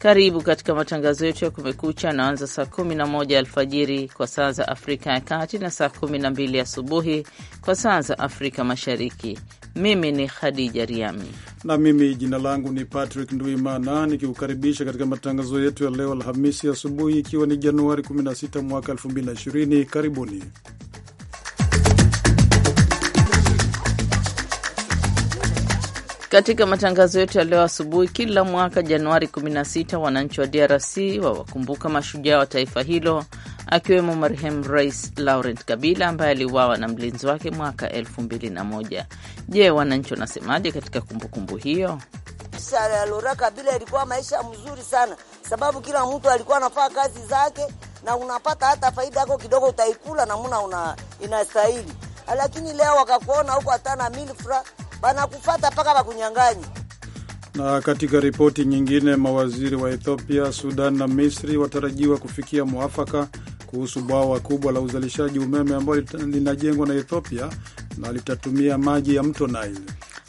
Karibu katika matangazo yetu ya Kumekucha anaanza saa moja alfajiri kwa saa za Afrika ya Kati na saa kumi na mbili asubuhi kwa saa za Afrika Mashariki. Mimi ni Khadija Riami na mimi jina langu ni Patrick Nduimana, nikiukaribisha katika matangazo yetu ya leo Alhamisi asubuhi, ikiwa ni Januari 16 mwaka 2020. Karibuni Katika matangazo yetu ya leo asubuhi, kila mwaka Januari 16 wananchi wa DRC wawakumbuka mashujaa wa taifa hilo akiwemo marehemu Rais Laurent Kabila ambaye aliuawa na mlinzi wake mwaka 2001. Je, wananchi wanasemaje katika kumbukumbu kumbu hiyo? Laurent Kabila ilikuwa maisha mzuri sana, sababu kila mtu alikuwa anafaa kazi zake na unapata hata faida yako kidogo utaikula namuna una inastahili, lakini leo wakakuona huko hatana milfra banakufata mpaka bakunyang'anye. Na katika ripoti nyingine, mawaziri wa Ethiopia, Sudan na Misri watarajiwa kufikia mwafaka kuhusu bwawa kubwa la uzalishaji umeme ambalo linajengwa na Ethiopia na litatumia maji ya mto Nile.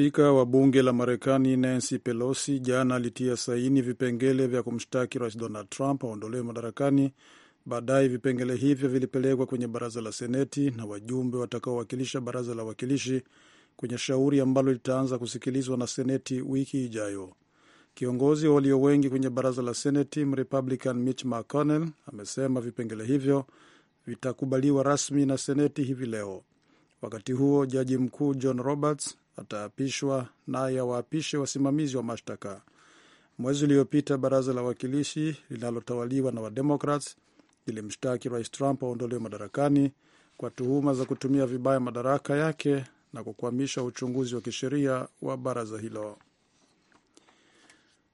Spika wa bunge la Marekani Nancy Pelosi jana alitia saini vipengele vya kumshtaki rais Donald Trump aondolewe madarakani. Baadaye vipengele hivyo vilipelekwa kwenye baraza la Seneti na wajumbe watakaowakilisha baraza la wawakilishi kwenye shauri ambalo litaanza kusikilizwa na Seneti wiki ijayo. Kiongozi wa walio wengi kwenye baraza la Seneti, Mrepublican Mitch McConnell, amesema vipengele hivyo vitakubaliwa rasmi na Seneti hivi leo. Wakati huo jaji mkuu John Roberts ataapishwa naye awaapishe wasimamizi wa mashtaka. Mwezi uliopita baraza la wawakilishi linalotawaliwa na wademokrat lilimshtaki Rais Trump aondolewe madarakani kwa tuhuma za kutumia vibaya madaraka yake na kukwamisha uchunguzi wa kisheria wa baraza hilo.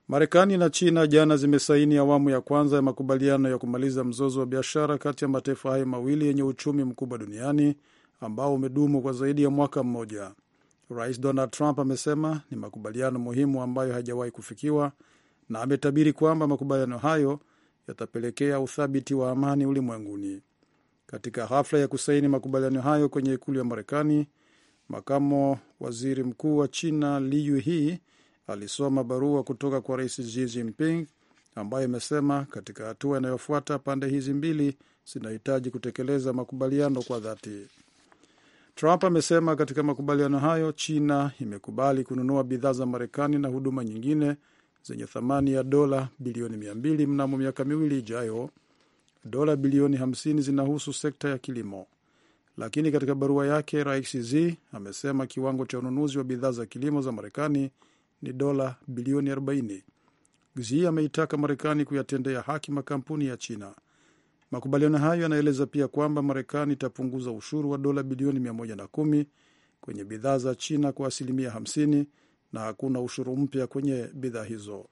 Marekani na China jana zimesaini awamu ya kwanza ya makubaliano ya kumaliza mzozo wa biashara kati ya mataifa hayo mawili yenye uchumi mkubwa duniani ambao umedumu kwa zaidi ya mwaka mmoja. Rais Donald Trump amesema ni makubaliano muhimu ambayo hajawahi kufikiwa na ametabiri kwamba makubaliano hayo yatapelekea uthabiti wa amani ulimwenguni. Katika hafla ya kusaini makubaliano hayo kwenye ikulu ya Marekani, makamo waziri mkuu wa China Liu He alisoma barua kutoka kwa rais Xi Jinping ambayo imesema katika hatua inayofuata pande hizi mbili zinahitaji kutekeleza makubaliano kwa dhati. Trump amesema katika makubaliano hayo China imekubali kununua bidhaa za Marekani na huduma nyingine zenye thamani ya dola bilioni mbili mnamo miaka miwili ijayo. Dola bilioni 50 zinahusu sekta ya kilimo. Lakini katika barua yake, Rais z amesema kiwango cha ununuzi wa bidhaa za kilimo za Marekani ni dola bilioni 40. z ameitaka Marekani kuyatendea haki makampuni ya China. Makubaliano hayo yanaeleza pia kwamba Marekani itapunguza ushuru wa dola bilioni 110 kwenye bidhaa za China kwa asilimia 50 na hakuna ushuru mpya kwenye bidhaa hizo.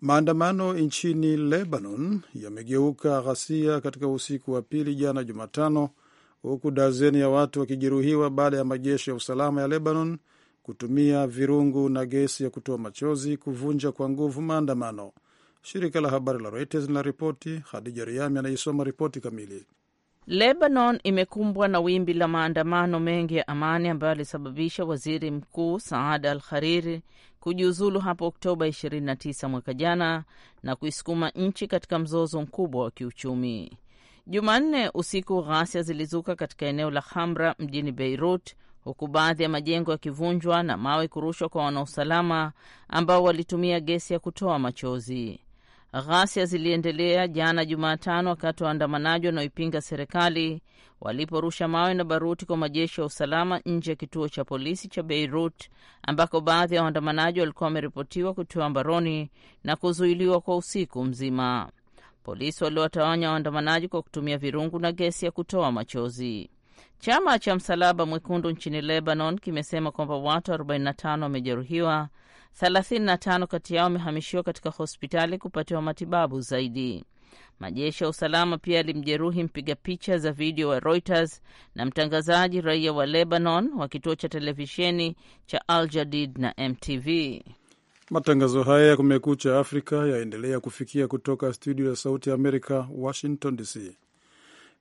Maandamano nchini Lebanon yamegeuka ghasia katika usiku wa pili jana Jumatano, huku dazeni ya watu wakijeruhiwa baada ya majeshi ya usalama ya Lebanon kutumia virungu na gesi ya kutoa machozi kuvunja kwa nguvu maandamano shirika la habari la Reuters linaripoti. hadija Riami anaisoma ripoti kamili. Lebanon imekumbwa na wimbi la maandamano mengi ya amani ambayo alisababisha waziri mkuu Saad al Hariri kujiuzulu hapo Oktoba 29 mwaka jana na kuisukuma nchi katika mzozo mkubwa wa kiuchumi. Jumanne usiku ghasia zilizuka katika eneo la Hamra mjini Beirut, huku baadhi ya majengo yakivunjwa na mawe kurushwa kwa wanausalama ambao walitumia gesi ya kutoa machozi. Ghasia ziliendelea jana Jumatano wakati waandamanaji wanaoipinga serikali waliporusha mawe na baruti kwa majeshi ya usalama nje ya kituo cha polisi cha Beirut ambako baadhi ya waandamanaji walikuwa wameripotiwa kutiwa mbaroni na kuzuiliwa kwa usiku mzima. Polisi waliwatawanya waandamanaji kwa kutumia virungu na gesi ya kutoa machozi. Chama cha Msalaba Mwekundu nchini Lebanon kimesema kwamba watu 45 wamejeruhiwa 35 kati yao wamehamishiwa katika hospitali kupatiwa matibabu zaidi. Majeshi ya usalama pia yalimjeruhi mpiga picha za video wa Reuters na mtangazaji raia wa Lebanon wa kituo cha televisheni cha Al Jadid na MTV. Matangazo haya ya Kumekucha Afrika yaendelea kufikia kutoka studio ya Sauti ya Amerika, Washington DC.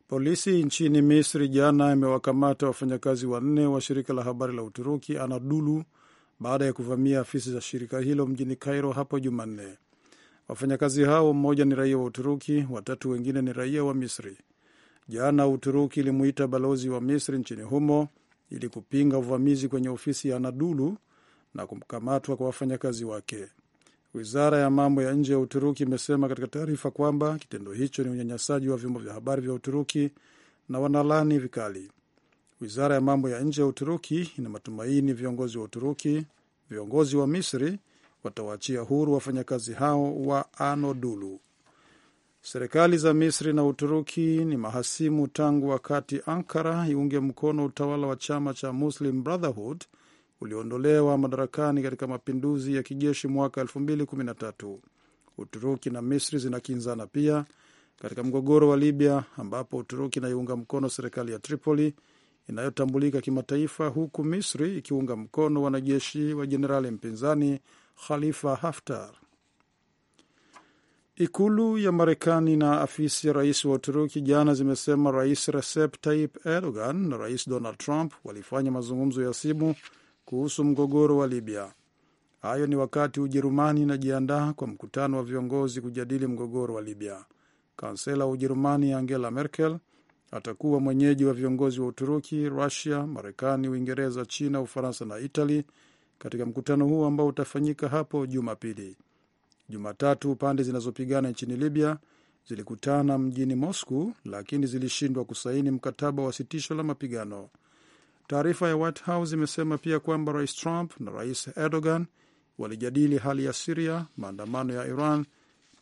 Polisi nchini Misri jana imewakamata wafanyakazi wanne wa shirika la habari la Uturuki Anadolu baada ya kuvamia afisi za shirika hilo mjini Cairo hapo Jumanne. Wafanyakazi hao, mmoja ni raia wa Uturuki, watatu wengine ni raia wa Misri. Jana Uturuki ilimuita balozi wa Misri nchini humo ili kupinga uvamizi kwenye ofisi ya Anadolu na kukamatwa kwa wafanyakazi wake. Wizara ya mambo ya nje ya Uturuki imesema katika taarifa kwamba kitendo hicho ni unyanyasaji wa vyombo vya habari vya Uturuki na wanalani vikali. Wizara ya mambo ya nje ya Uturuki ina matumaini viongozi wa Uturuki, viongozi wa Misri watawaachia huru wafanyakazi hao wa Anadolu. Serikali za Misri na Uturuki ni mahasimu tangu wakati Ankara iunge mkono utawala wa chama cha Muslim Brotherhood ulioondolewa madarakani katika mapinduzi ya kijeshi mwaka 2013. Uturuki na Misri zinakinzana pia katika mgogoro wa Libya ambapo Uturuki inaiunga mkono serikali ya Tripoli inayotambulika kimataifa, huku Misri ikiunga mkono wanajeshi wa jenerali mpinzani Khalifa Haftar. Ikulu ya Marekani na afisi ya rais wa Uturuki jana zimesema Rais Recep Tayyip Erdogan na Rais Donald Trump walifanya mazungumzo ya simu kuhusu mgogoro wa Libya. Hayo ni wakati Ujerumani inajiandaa kwa mkutano wa viongozi kujadili mgogoro wa Libya. Kansela wa Ujerumani Angela Merkel atakuwa mwenyeji wa viongozi wa Uturuki, Rusia, Marekani, Uingereza, China, Ufaransa na Itali katika mkutano huo ambao utafanyika hapo Jumapili. Jumatatu, pande zinazopigana nchini Libya zilikutana mjini Moscow, lakini zilishindwa kusaini mkataba wa sitisho la mapigano. Taarifa ya White House imesema pia kwamba Rais Trump na Rais Erdogan walijadili hali ya Siria, maandamano ya Iran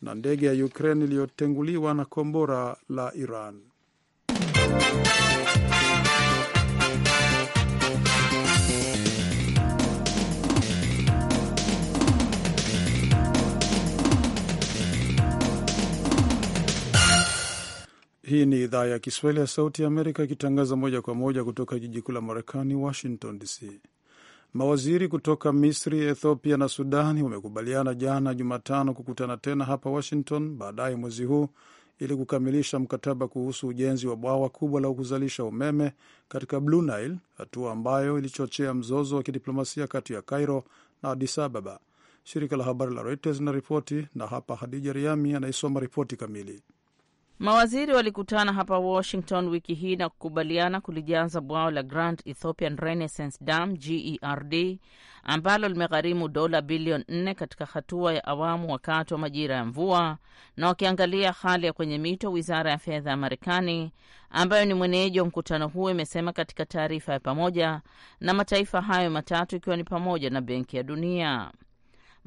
na ndege ya Ukraine iliyotenguliwa na kombora la Iran. Hii ni idhaa ya Kiswahili ya Sauti ya Amerika ikitangaza moja kwa moja kutoka jiji kuu la Marekani, Washington DC. Mawaziri kutoka Misri, Ethiopia na Sudani wamekubaliana jana Jumatano kukutana tena hapa Washington baadaye mwezi huu ili kukamilisha mkataba kuhusu ujenzi wa bwawa kubwa la kuzalisha umeme katika Blue Nile, hatua ambayo ilichochea mzozo wa kidiplomasia kati ya Cairo na Addis Ababa. Shirika la habari la Reuters linaripoti, na hapa Hadija Riami anaisoma ripoti kamili. Mawaziri walikutana hapa Washington wiki hii na kukubaliana kulijaza bwawa la Grand Ethiopian Renaissance Dam GERD ambalo limegharimu dola bilioni nne katika hatua ya awamu wakati wa majira ya mvua, na wakiangalia hali ya kwenye mito. Wizara ya fedha ya Marekani ambayo ni mwenyeji wa mkutano huo imesema katika taarifa ya pamoja na mataifa hayo matatu, ikiwa ni pamoja na Benki ya Dunia.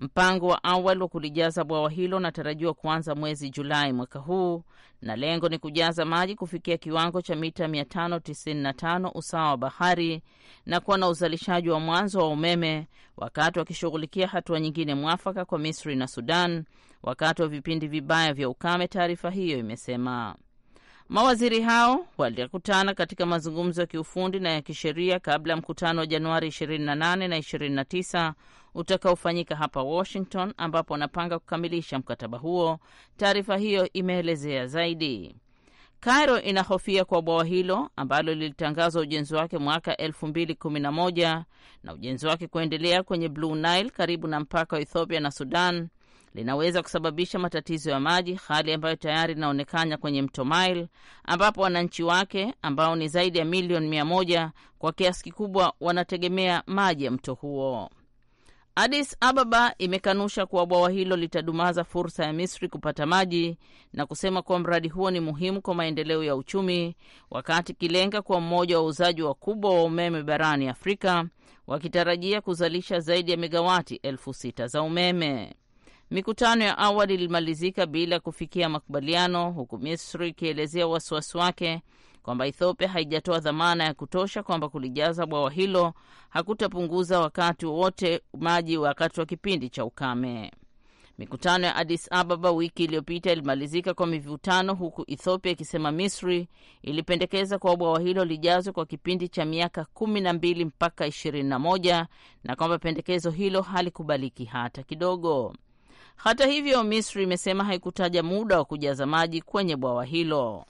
Mpango wa awali wa kulijaza bwawa hilo unatarajiwa kuanza mwezi Julai mwaka huu, na lengo ni kujaza maji kufikia kiwango cha mita 595 usawa wa bahari na kuwa na uzalishaji wa mwanzo wa umeme, wakati wakishughulikia hatua wa nyingine mwafaka kwa Misri na Sudan wakati wa vipindi vibaya vya ukame, taarifa hiyo imesema. Mawaziri hao walikutana katika mazungumzo ya kiufundi na ya kisheria kabla ya mkutano wa Januari 28 na 29 utakaofanyika hapa Washington, ambapo wanapanga kukamilisha mkataba huo. Taarifa hiyo imeelezea zaidi. Cairo inahofia kwa bwawa hilo ambalo lilitangazwa ujenzi wake mwaka 2011 na ujenzi wake kuendelea kwenye Blue Nile karibu na mpaka wa Ethiopia na Sudan linaweza kusababisha matatizo ya maji, hali ambayo tayari inaonekana kwenye mto Nile ambapo wananchi wake ambao ni zaidi ya milioni mia moja kwa kiasi kikubwa wanategemea maji ya mto huo. Addis Ababa imekanusha kuwa bwawa hilo litadumaza fursa ya Misri kupata maji na kusema kuwa mradi huo ni muhimu kwa maendeleo ya uchumi, wakati ikilenga kuwa mmoja wa wa wakubwa wa umeme barani Afrika, wakitarajia kuzalisha zaidi ya megawati elfu sita za umeme. Mikutano ya awali ilimalizika bila kufikia makubaliano, huku Misri ikielezea wasiwasi wake kwamba Ethiopia haijatoa dhamana ya kutosha kwamba kulijaza bwawa hilo hakutapunguza wakati wowote maji wakati wa kipindi cha ukame. Mikutano ya Addis Ababa wiki iliyopita ilimalizika kwa mivutano, huku Ethiopia ikisema Misri ilipendekeza kwa bwawa hilo lijazwe kwa kipindi cha miaka kumi na mbili mpaka ishirini na moja na kwamba pendekezo hilo halikubaliki hata kidogo. Hata hivyo, Misri imesema haikutaja muda wa kujaza maji kwenye bwawa hilo.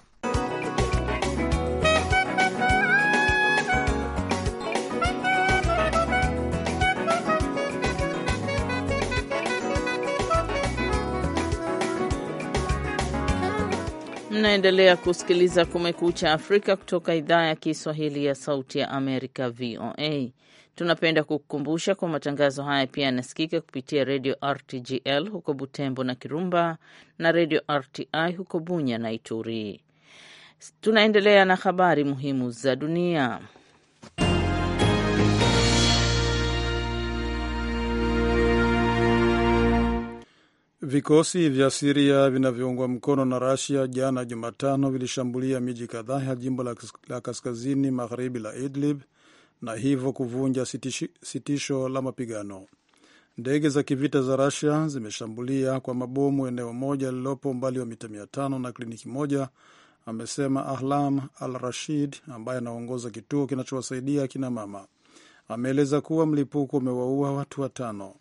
Mnaendelea kusikiliza Kumekucha Afrika kutoka idhaa ya Kiswahili ya Sauti ya Amerika, VOA. Tunapenda kukukumbusha kwa matangazo haya pia yanasikika kupitia redio RTGL huko Butembo na Kirumba na redio RTI huko Bunya na Ituri. Tunaendelea na habari muhimu za dunia. Vikosi vya Siria vinavyoungwa mkono na Rasia jana Jumatano vilishambulia miji kadhaa ya jimbo la, la kaskazini magharibi la Idlib na hivyo kuvunja sitisho la mapigano. Ndege za kivita za Rasia zimeshambulia kwa mabomu eneo moja lililopo umbali wa mita mia tano na kliniki moja, amesema Ahlam Al Rashid ambaye anaongoza kituo kinachowasaidia akina mama. Ameeleza kuwa mlipuko umewaua watu watano.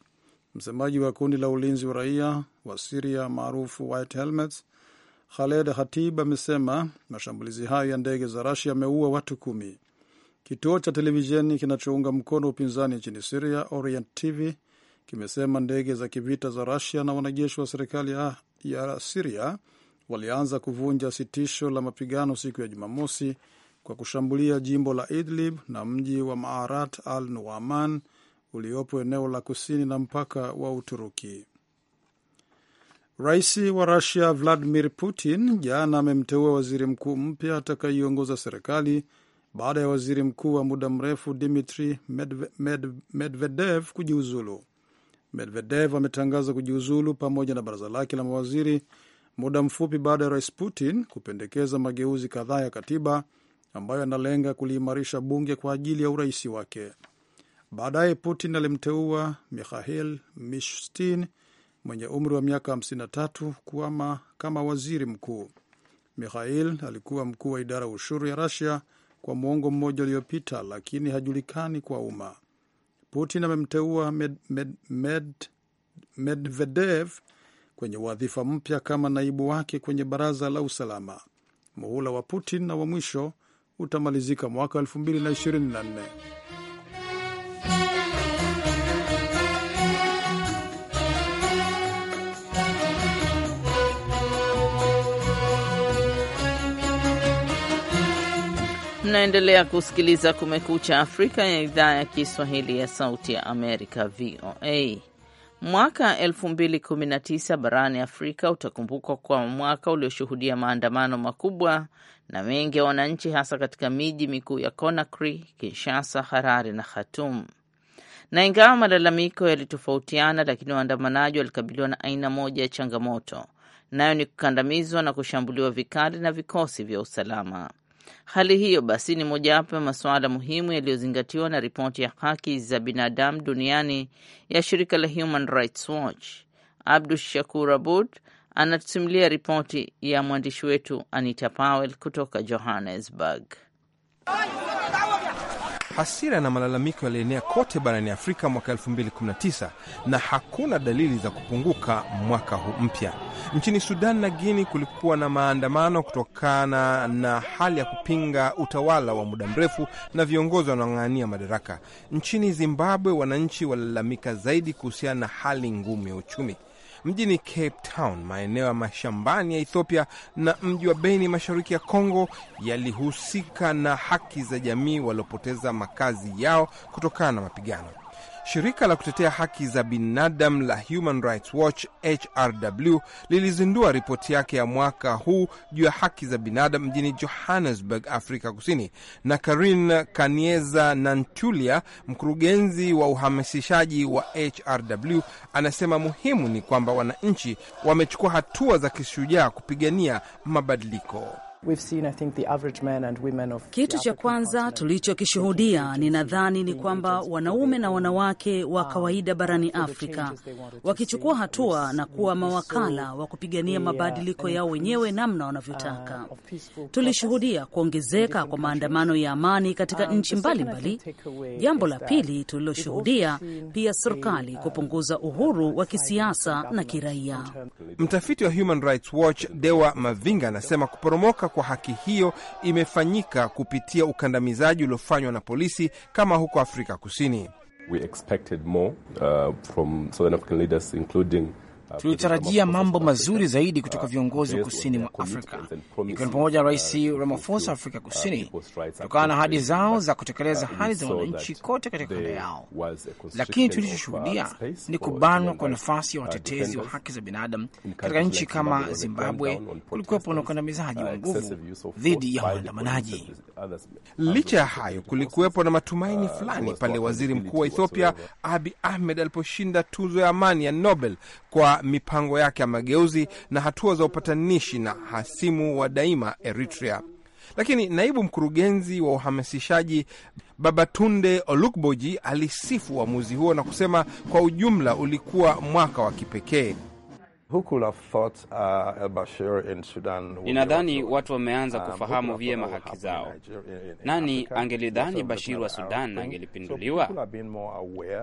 Msemaji wa kundi la ulinzi wa raia wa Siria maarufu White Helmets, Khaled hatib amesema mashambulizi hayo ya ndege za Rasia yameua watu kumi. Kituo cha televisheni kinachounga mkono upinzani nchini Siria, Orient TV, kimesema ndege za kivita za Rasia na wanajeshi wa serikali ya Siria walianza kuvunja sitisho la mapigano siku ya Jumamosi kwa kushambulia jimbo la Idlib na mji wa Maarat al Nuaman uliopo eneo la kusini na mpaka wa Uturuki. Rais wa Rusia Vladimir Putin jana amemteua waziri mkuu mpya atakayeiongoza serikali baada ya waziri mkuu wa muda mrefu Dmitri Medvedev, kujiuzulu. Medvedev ametangaza kujiuzulu pamoja na baraza lake la mawaziri muda mfupi baada ya rais Putin kupendekeza mageuzi kadhaa ya katiba ambayo analenga kuliimarisha bunge kwa ajili ya urais wake. Baadaye Putin alimteua Mikhail Mishustin mwenye umri wa miaka 53 kuama kama waziri mkuu. Mikhail alikuwa mkuu wa idara ya ushuru ya Rusia kwa mwongo mmoja uliopita, lakini hajulikani kwa umma. Putin amemteua med, med, med, Medvedev kwenye wadhifa mpya kama naibu wake kwenye baraza la usalama. Muhula wa Putin na wa mwisho utamalizika mwaka 2024. Mnaendelea kusikiliza Kumekucha Afrika ya idhaa ya Kiswahili ya Sauti ya Amerika, VOA. Mwaka 2019 barani Afrika utakumbukwa kwa mwaka ulioshuhudia maandamano makubwa na wengi ya wananchi, hasa katika miji mikuu ya Conakry, Kinshasa, Harare na Khartoum. Na ingawa malalamiko yalitofautiana, lakini waandamanaji walikabiliwa na aina moja ya changamoto, nayo ni kukandamizwa na kushambuliwa vikali na vikosi vya usalama. Hali hiyo basi ni mojawapo ya masuala muhimu yaliyozingatiwa na ripoti ya haki za binadamu duniani ya shirika la Human Rights Watch. Abdu Shakur Abud anatusimulia ripoti ya mwandishi wetu Anita Powell kutoka Johannesburg. Hasira na malalamiko yalienea kote barani Afrika mwaka 2019 na hakuna dalili za kupunguka mwaka huu mpya. Nchini Sudan na Guini kulikuwa na maandamano kutokana na hali ya kupinga utawala wa muda mrefu na viongozi wanaong'ania madaraka. Nchini Zimbabwe wananchi walalamika zaidi kuhusiana na hali ngumu ya uchumi mjini Cape Town, maeneo ya mashambani ya Ethiopia na mji wa Beni mashariki ya Kongo yalihusika na haki za jamii waliopoteza makazi yao kutokana na mapigano. Shirika la kutetea haki za binadamu la Human Rights Watch HRW lilizindua ripoti yake ya mwaka huu juu ya haki za binadamu mjini Johannesburg, Afrika Kusini, na Karin Kanieza Nantulia, mkurugenzi wa uhamasishaji wa HRW, anasema muhimu ni kwamba wananchi wamechukua hatua za kishujaa kupigania mabadiliko. Kitu cha kwanza tulichokishuhudia ni nadhani ni kwamba wanaume na wanawake wa kawaida barani Afrika wakichukua hatua na kuwa mawakala wa kupigania uh, mabadiliko yao wenyewe namna wanavyotaka. Uh, Tulishuhudia kuongezeka kwa maandamano ya amani katika um, nchi mbalimbali. Jambo la pili tuliloshuhudia pia serikali uh, kupunguza uhuru wa kisiasa na kiraia. Mtafiti wa Human Rights Watch Dewa Mavinga anasema kuporomoka kwa haki hiyo imefanyika kupitia ukandamizaji uliofanywa na polisi kama huko Afrika Kusini. We expected more, uh, from Southern African leaders including Uh, Tulitarajia mambo mazuri zaidi kutoka uh, viongozi wa kusini mwa Afrika, ikiwa ni pamoja na uh, Rais Ramaphosa wa Afrika Kusini, kutokana na ahadi zao za kutekeleza hali za wananchi kote katika kanda yao. Lakini tulichoshuhudia ni kubanwa kwa nafasi ya watetezi wa haki za binadamu katika nchi kama Zimbabwe. Kulikuwepo na ukandamizaji wa nguvu dhidi ya waandamanaji. Licha ya hayo, kulikuwepo na matumaini fulani pale waziri mkuu wa Ethiopia Abi Ahmed aliposhinda tuzo ya amani ya Nobel kwa mipango yake ya mageuzi na hatua za upatanishi na hasimu wa daima Eritrea. Lakini naibu mkurugenzi wa uhamasishaji Babatunde Olukboji alisifu uamuzi huo na kusema kwa ujumla ulikuwa mwaka wa kipekee. Uh, Ninadhani watu wameanza um, kufahamu vyema haki zao. Nani angelidhani Bashir wa Sudan angelipinduliwa?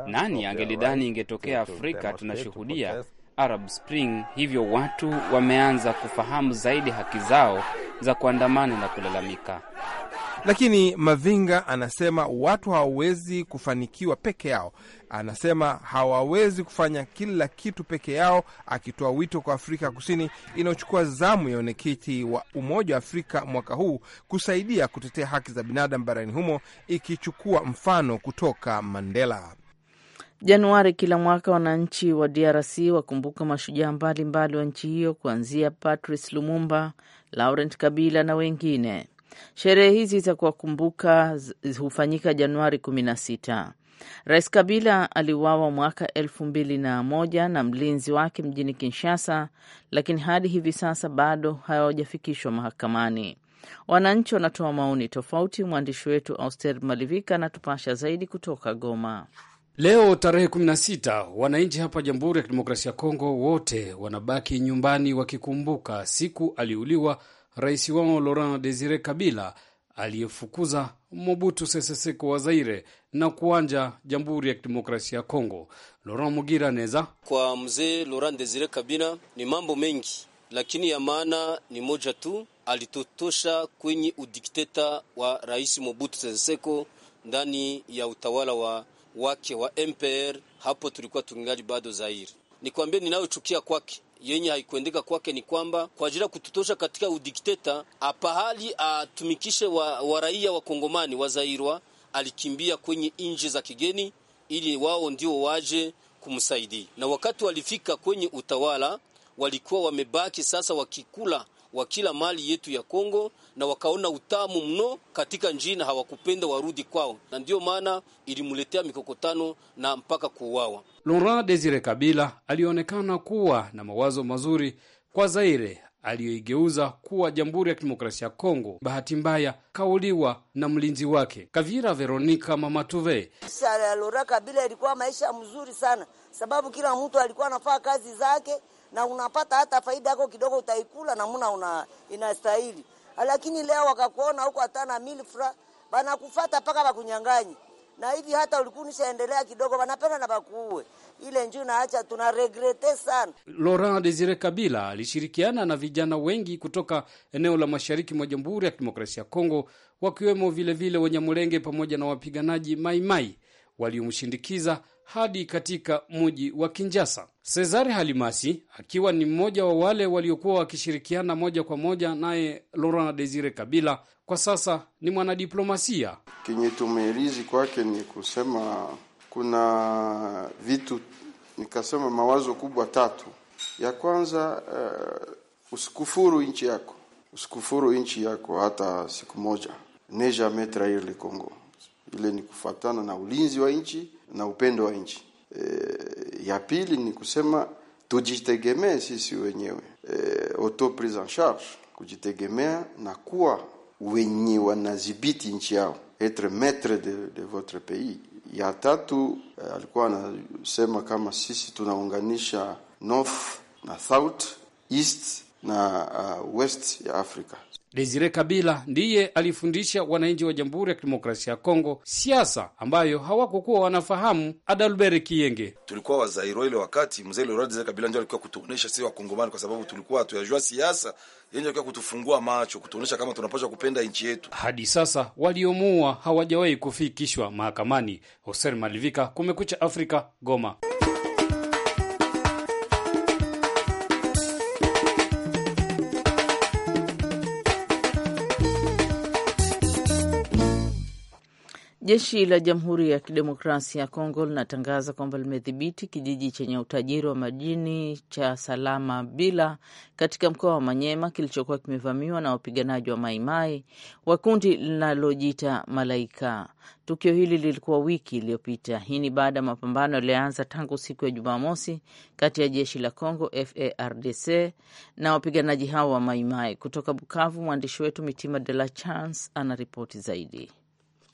Nani angelidhani ingetokea Afrika tunashuhudia Arab Spring, hivyo watu wameanza kufahamu zaidi haki zao za kuandamana na kulalamika. Lakini Mavinga anasema watu hawawezi kufanikiwa peke yao. Anasema hawawezi kufanya kila kitu peke yao, akitoa wito kwa Afrika Kusini inayochukua zamu ya wenyekiti wa Umoja wa Afrika mwaka huu kusaidia kutetea haki za binadamu barani humo, ikichukua mfano kutoka Mandela. Januari kila mwaka wananchi wa DRC wakumbuka mashujaa mbalimbali wa nchi hiyo kuanzia Patrice Lumumba, Laurent Kabila na wengine. Sherehe hizi za kuwakumbuka hufanyika Januari 16. Rais Kabila aliuawa mwaka elfu mbili na moja na mlinzi wake mjini Kinshasa, lakini hadi hivi sasa bado hawajafikishwa mahakamani. Wananchi wanatoa maoni tofauti. Mwandishi wetu Auster Malivika anatupasha zaidi kutoka Goma. Leo tarehe 16 wananchi hapa Jamhuri ya Kidemokrasia ya Kongo wote wanabaki nyumbani wakikumbuka siku aliuliwa rais wao Laurent Desire Kabila aliyefukuza Mobutu Sese Seko wa Zaire na kuanja Jamhuri ya Kidemokrasia ya Kongo. Laurent Mugira neza kwa mzee Laurent Desire Kabila ni mambo mengi, lakini ya maana ni moja tu, alitotosha kwenye udikteta wa rais Mobutu Sese Seko ndani ya utawala wa wake wa MPR. Hapo tulikuwa tungali bado zairi. Nikwambie ninayochukia kwake yenye haikuendeka kwake ni kwamba kwa ajili ya kututosha katika udikteta apahali atumikishe wa, wa raia wa Kongomani wazairwa, alikimbia kwenye nchi za kigeni ili wao ndio waje kumsaidia, na wakati walifika kwenye utawala walikuwa wamebaki sasa wakikula wa kila mali yetu ya Kongo, na wakaona utamu mno katika njini na hawakupenda warudi kwao, na ndiyo maana ilimletea mikokotano na mpaka kuuawa. Laurent Desire Kabila alionekana kuwa na mawazo mazuri kwa Zaire aliyoigeuza kuwa Jamhuri ya Kidemokrasia ya Kongo. Bahati mbaya kauliwa na mlinzi wake Kavira Veronika Mamatuve. Sara Laurent Kabila ilikuwa maisha mzuri sana, sababu kila mtu alikuwa anafaa kazi zake na unapata hata faida yako kidogo utaikula namna una inastahili. Lakini leo wakakuona huko na milfra banakufata paka bakunyang'anye na hivi hata ulikunishaendelea kidogo, wanapenda na bakuue ile njuu. Naacha tuna regrete sana. Laurent Desire Kabila alishirikiana na vijana wengi kutoka eneo la mashariki mwa Jamhuri ya Kidemokrasia ya Kongo, wakiwemo vilevile Wanyamulenge pamoja na wapiganaji Maimai waliomshindikiza hadi katika mji wa Kinjasa. Cesare Halimasi akiwa ni mmoja wa wale waliokuwa wakishirikiana moja kwa moja naye Laurent Desire Kabila, kwa sasa ni mwanadiplomasia. Kenye tumeelizi kwake ni kusema kuna vitu nikasema mawazo kubwa tatu. Ya kwanza uh, usikufuru nchi yako, usikufuru nchi yako hata siku moja. Ne jamais trahir le Congo, ile ni kufuatana na ulinzi wa nchi na upendo wa nchi. E, ya pili ni kusema tujitegemee sisi wenyewe e, auto prise en charge, kujitegemea na kuwa wenye wanadhibiti nchi yao, etre maitre de, de votre pays. Ya tatu e, alikuwa anasema kama sisi tunaunganisha north na south, east na uh, west ya Afrika Desire Kabila ndiye alifundisha wananchi wa Jamhuri ya Kidemokrasia ya Kongo siasa ambayo hawakokuwa wanafahamu. Adalbert Kiyenge, tulikuwa wazairo ile wakati mzee Laurent Desire Kabila ndio alikuwa kutuonesha sisi wakongomani, kwa sababu tulikuwa hatuyajua siasa, yeye alikuwa kutufungua macho, kutuonesha kama tunapaswa kupenda nchi yetu. Hadi sasa waliomuua hawajawahi kufikishwa mahakamani. Hoser Malivika, Kumekucha Afrika, Goma. Jeshi la Jamhuri ya Kidemokrasia ya Kongo linatangaza kwamba limedhibiti kijiji chenye utajiri wa madini cha Salama Bila katika mkoa wa Manyema kilichokuwa kimevamiwa na wapiganaji wa Maimai wa kundi linalojita Malaika. Tukio hili lilikuwa wiki iliyopita. Hii ni baada ya mapambano yaliyoanza tangu siku ya Jumamosi kati ya jeshi la Kongo FARDC na wapiganaji hao wa Maimai. Kutoka Bukavu, mwandishi wetu Mitima De La Chance ana ripoti zaidi.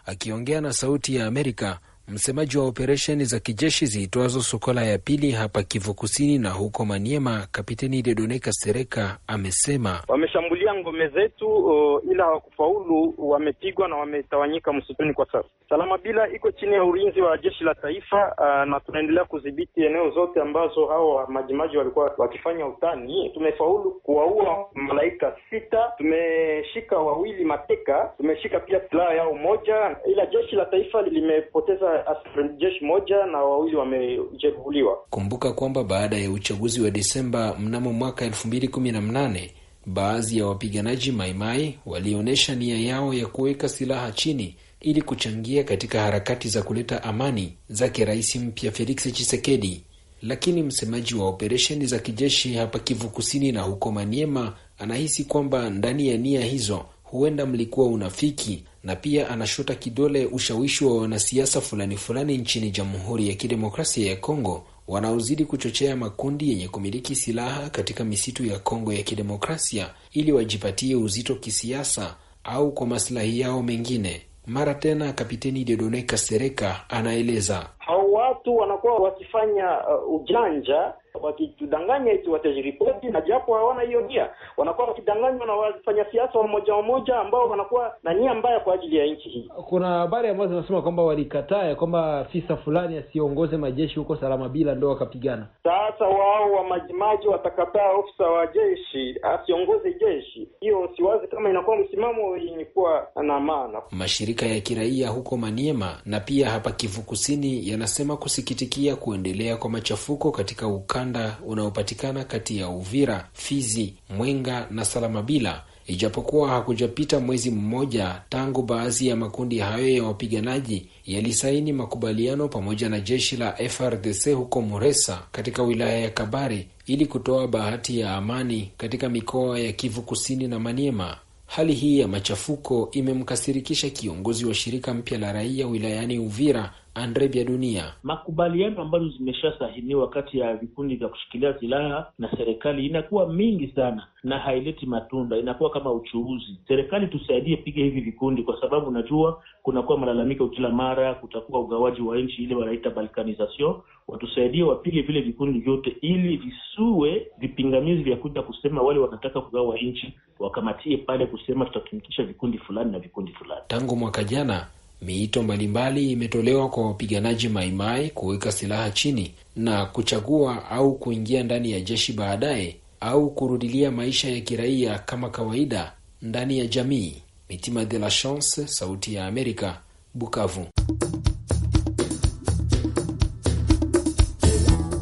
Akiongea na Sauti ya Amerika Msemaji wa operesheni za kijeshi ziitwazo Sokola ya pili hapa Kivu Kusini na huko Maniema, Kapiteni Dedone Sereka amesema wameshambulia ngome zetu, uh, ila hawakufaulu. Wamepigwa na wametawanyika msituni. Kwa sasa salama bila iko chini ya ulinzi wa jeshi la taifa, uh, na tunaendelea kudhibiti eneo zote ambazo hao majimaji walikuwa wakifanya utani. Tumefaulu kuwaua malaika sita, tumeshika wawili mateka, tumeshika pia silaha yao moja, ila jeshi la taifa limepoteza askari jeshi moja na wawili wamejeruhiwa. Kumbuka kwamba baada ya uchaguzi wa Desemba mnamo mwaka elfu mbili kumi na mnane baadhi ya wapiganaji Maimai walionyesha nia yao ya kuweka silaha chini ili kuchangia katika harakati za kuleta amani zake rais mpya Felix Chisekedi, lakini msemaji wa operesheni za kijeshi hapa Kivu Kusini na huko Maniema anahisi kwamba ndani ya nia hizo huenda mlikuwa unafiki na pia anashuta kidole ushawishi wa wanasiasa fulani fulani nchini Jamhuri ya Kidemokrasia ya Kongo wanaozidi kuchochea makundi yenye kumiliki silaha katika misitu ya Kongo ya Kidemokrasia ili wajipatie uzito kisiasa au kwa masilahi yao mengine. Mara tena Kapiteni Dedone Kasereka anaeleza hao watu wanakuwa wakifanya uh, ujanja wakitudanganya eti watajiripoti, na japo hawana hiyo nia, wanakuwa wakidanganywa na siasa wa wa mmoja ambao wanakuwa na nia mbaya kwa ajili ya nchi hii. Kuna habari ambazo zinasema kwamba walikataa ya kwamba afisa fulani asiongoze majeshi huko salama bila ndio wakapigana. Sasa wao wa majimaji watakataa ofisa wa jeshi asiongoze jeshi, hiyo siwazi kama inakuwa msimamo yenye kuwa na maana. Mashirika ya kiraia huko Maniema na pia hapa Kivu Kusini yanasema kusikitikia kuendelea kwa machafuko katika uka ukanda unaopatikana kati ya Uvira, Fizi, Mwenga na Salamabila. Ijapokuwa hakujapita mwezi mmoja tangu baadhi ya makundi hayo ya wapiganaji yalisaini makubaliano pamoja na jeshi la FRDC huko Muresa katika wilaya ya Kabare ili kutoa bahati ya amani katika mikoa ya Kivu Kusini na Maniema. Hali hii ya machafuko imemkasirikisha kiongozi wa shirika mpya la raia wilayani Uvira Andre Bya Dunia. Makubaliano ambazo zimeshasahiniwa kati ya vikundi vya kushikilia silaha na serikali inakuwa mingi sana na haileti matunda, inakuwa kama uchuuzi. Serikali tusaidie, pige hivi vikundi, kwa sababu unajua kunakuwa malalamiko kila mara, kutakuwa ugawaji wa nchi, ile wanaita balkanization. Watusaidie wapige vile vikundi vyote, ili visuwe vipingamizi vya kuja kusema wale wanataka kugawa nchi, wakamatie pale kusema tutatumikisha vikundi fulani na vikundi fulani. Tangu mwaka jana Miito mbalimbali imetolewa kwa wapiganaji Maimai kuweka silaha chini na kuchagua au kuingia ndani ya jeshi baadaye au kurudilia maisha ya kiraia kama kawaida ndani ya jamii. Mitima de la Chance, Sauti ya Amerika, Bukavu.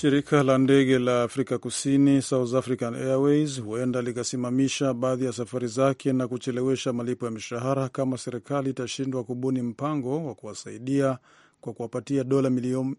Shirika la ndege la Afrika Kusini, South African Airways, huenda likasimamisha baadhi ya safari zake na kuchelewesha malipo ya mishahara kama serikali itashindwa kubuni mpango wa kuwasaidia kwa kuwapatia dola milioni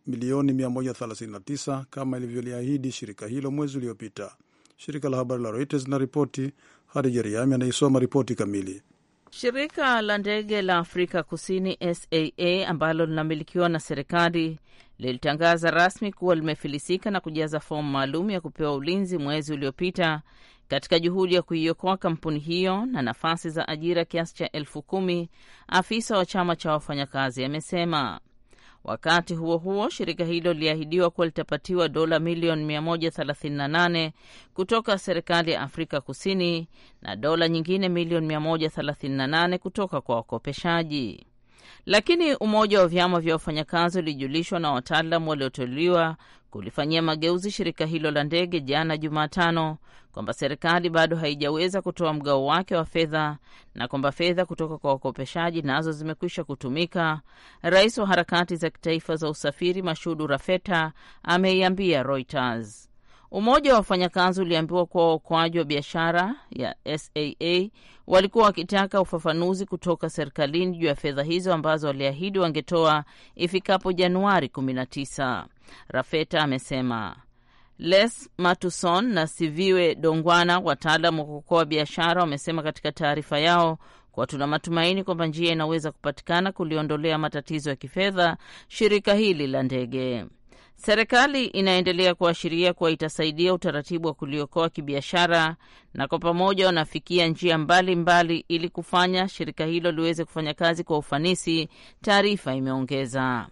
139 kama ilivyoliahidi shirika hilo mwezi uliopita. Shirika la habari la Reuters na ripoti. Hadija Riami anaisoma ripoti kamili. Shirika la ndege la Afrika Kusini, SAA, ambalo linamilikiwa na serikali lilitangaza rasmi kuwa limefilisika na kujaza fomu maalum ya kupewa ulinzi mwezi uliopita katika juhudi ya kuiokoa kampuni hiyo na nafasi za ajira kiasi cha elfu kumi, afisa wa chama cha wafanyakazi amesema. Wakati huo huo, shirika hilo liliahidiwa kuwa litapatiwa dola milioni 138 kutoka serikali ya Afrika Kusini na dola nyingine milioni 138 kutoka kwa wakopeshaji. Lakini umoja wa vyama vya wafanyakazi ulijulishwa na wataalam walioteuliwa kulifanyia mageuzi shirika hilo la ndege jana Jumatano kwamba serikali bado haijaweza kutoa mgao wake wa fedha na kwamba fedha kutoka kwa wakopeshaji nazo zimekwisha kutumika. Rais wa harakati za kitaifa za usafiri Mashudu Rafeta ameiambia Reuters. Umoja wa wafanyakazi uliambiwa kuwa waokoaji wa biashara ya saa walikuwa wakitaka ufafanuzi kutoka serikalini juu ya fedha hizo ambazo waliahidi wangetoa ifikapo Januari 19. Rafeta amesema Les Matuson na Siviwe Dongwana, wataalamu wa kuokoa biashara, wamesema katika taarifa yao kuwa tuna matumaini kwamba njia inaweza kupatikana kuliondolea matatizo ya kifedha shirika hili la ndege. Serikali inaendelea kuashiria kuwa itasaidia utaratibu wa kuliokoa kibiashara na kwa pamoja wanafikia njia mbalimbali mbali ili kufanya shirika hilo liweze kufanya kazi kwa ufanisi, taarifa imeongeza.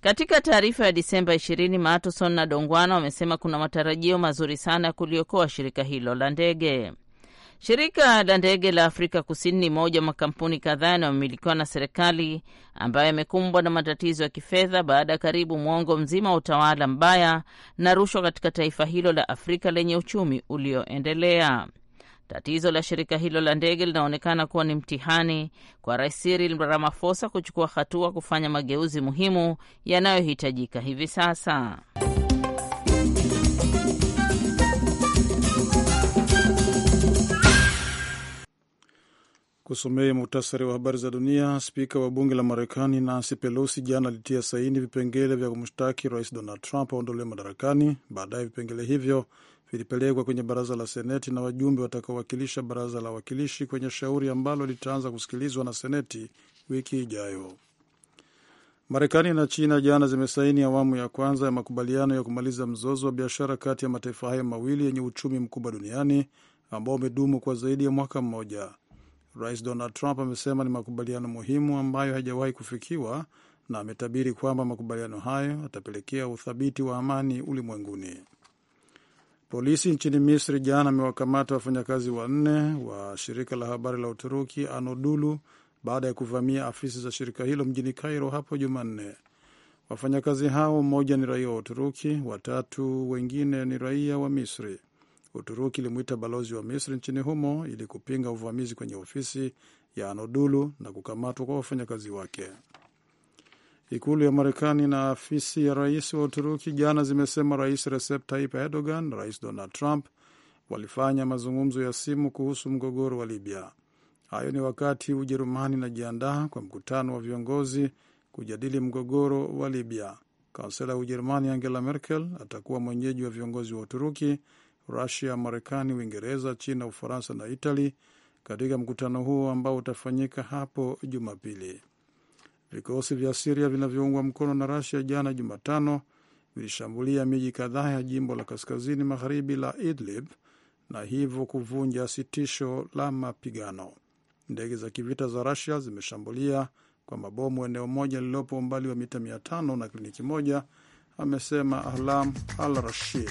Katika taarifa ya Disemba 20, Matoson na Dongwana wamesema kuna matarajio mazuri sana ya kuliokoa shirika hilo la ndege. Shirika la ndege la Afrika Kusini ni moja wa makampuni kadhaa yanayomilikiwa na serikali ambayo yamekumbwa na matatizo ya kifedha baada ya karibu mwongo mzima wa utawala mbaya na rushwa katika taifa hilo la Afrika lenye uchumi ulioendelea. Tatizo la shirika hilo la ndege linaonekana kuwa ni mtihani kwa Rais Cyril Ramaphosa kuchukua hatua kufanya mageuzi muhimu yanayohitajika hivi sasa. kusomea muhtasari wa habari za dunia. Spika wa bunge la Marekani Nancy Pelosi jana alitia saini vipengele vya kumshtaki rais Donald Trump aondolewe madarakani. Baadaye vipengele hivyo vilipelekwa kwenye baraza la Seneti na wajumbe watakaowakilisha baraza la wawakilishi kwenye shauri ambalo litaanza kusikilizwa na Seneti wiki ijayo. Marekani na China jana zimesaini awamu ya kwanza ya makubaliano ya kumaliza mzozo wa biashara kati ya mataifa hayo mawili yenye uchumi mkubwa duniani ambao umedumu kwa zaidi ya mwaka mmoja. Rais Donald Trump amesema ni makubaliano muhimu ambayo hajawahi kufikiwa na ametabiri kwamba makubaliano hayo atapelekea uthabiti wa amani ulimwenguni. Polisi nchini Misri jana amewakamata wafanyakazi wanne wa shirika la habari la Uturuki Anadolu baada ya kuvamia afisi za shirika hilo mjini Cairo hapo Jumanne. Wafanyakazi hao, mmoja ni raia wa Uturuki, watatu wengine ni raia wa Misri. Uturuki ilimwita balozi wa Misri nchini humo ili kupinga uvamizi kwenye ofisi ya Anodulu na kukamatwa kwa wafanyakazi wake. Ikulu ya Marekani na afisi ya rais wa Uturuki jana zimesema Rais Recep Tayyip Erdogan, Rais Donald Trump walifanya mazungumzo ya simu kuhusu mgogoro wa Libya. Hayo ni wakati Ujerumani inajiandaa kwa mkutano wa viongozi kujadili mgogoro wa Libya. Kansela ya Ujerumani Angela Merkel atakuwa mwenyeji wa viongozi wa Uturuki Rusia, Marekani, Uingereza, China, Ufaransa na Itali katika mkutano huo ambao utafanyika hapo Jumapili. Vikosi vya Siria vinavyoungwa mkono na Rusia jana Jumatano vilishambulia miji kadhaa ya jimbo la kaskazini magharibi la Idlib na hivyo kuvunja sitisho la mapigano. Ndege za kivita za Rusia zimeshambulia kwa mabomu eneo moja lililopo umbali wa mita mia tano na kliniki moja, amesema Ahlam al Rashid.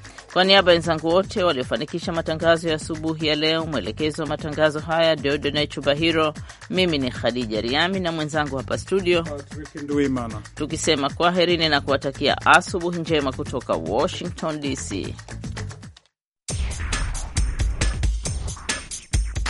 Kwa niaba ya wenzangu wote waliofanikisha matangazo ya asubuhi ya leo, mwelekezi wa matangazo haya Deodone Chubahiro, mimi ni Khadija Riami na mwenzangu hapa studio tukisema kwaherini na kuwatakia asubuhi njema kutoka Washington DC.